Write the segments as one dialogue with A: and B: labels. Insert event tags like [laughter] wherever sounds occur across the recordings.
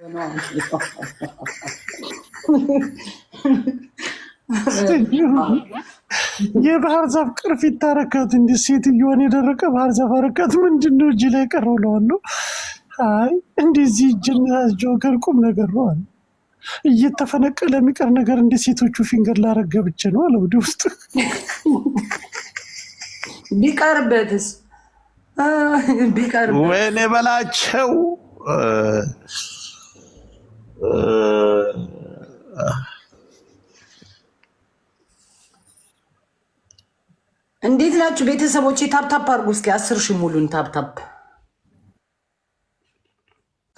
A: [laughs] የባህር ዛፍ ቅርፊት አረካት። እንዲ ሴትዮዋን የደረቀ ባህር ዛፍ አረካት። ምንድን ነው እጅ ላይ ቀረው ለዋሉ አይ እንደዚህ እጅን ቁም ነገር እየተፈነቀለ የሚቀር ነገር እንደ ሴቶቹ ፊንገር ላረገ ብቻ ነው አለ። ወደ ውስጥ
B: ቢቀርበትስ
C: ቢቀርበት ወይኔ በላቸው
B: እንዴት ናችሁ ቤተሰቦች? ታፕታፕ አርጉ እስኪ አስር ሺ ሙሉን ታፕታፕ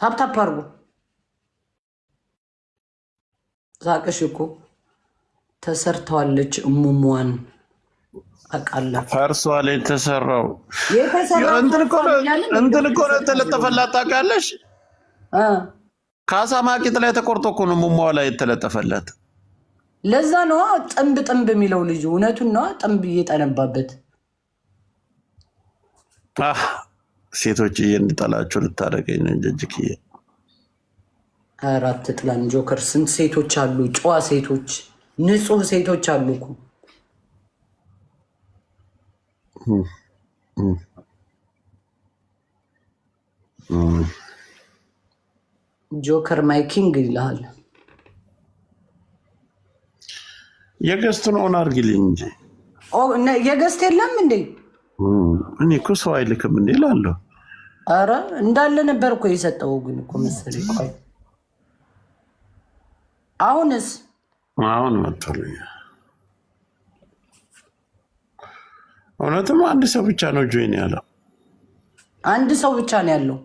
B: ታፕታፕ አርጉ። ሳቅሽ እኮ ተሰርተዋለች እሙሟን አቃላ
C: ፈርሷል። የተሰራው እንትን እኮ ነው የተለጠፈላት ታውቃለሽ። ካሳ ማቂት ላይ ተቆርጦ እኮ ነው እሙሟ ላይ የተለጠፈላት
B: ለዛ ነዋ ጥንብ ጥንብ የሚለው ልጁ እውነቱን ነዋ። ጥንብ እየጠነባበት
C: ሴቶች እንድጠላችሁ ልታደርገኝ ነው። ጀጅክዬ
B: አራት ጥላን ጆከር። ስንት ሴቶች አሉ፣ ጨዋ ሴቶች፣ ንጹህ ሴቶች አሉ እኮ ጆከር ማይኪንግ ይልሃል።
C: የገስቱን ኦን አድርጊልኝ እንጂ
B: የገስት የለም እንዴ?
C: እኔ እኮ ሰው አይልክም እንዴ እላለሁ።
B: አረ እንዳለ ነበር እኮ የሰጠው ግን እኮ መሰለኝ። ቆይ አሁንስ
C: አሁን መጥቶልኛል። እውነትም አንድ ሰው ብቻ ነው ጆይን ያለው።
B: አንድ ሰው ብቻ ነው ያለው።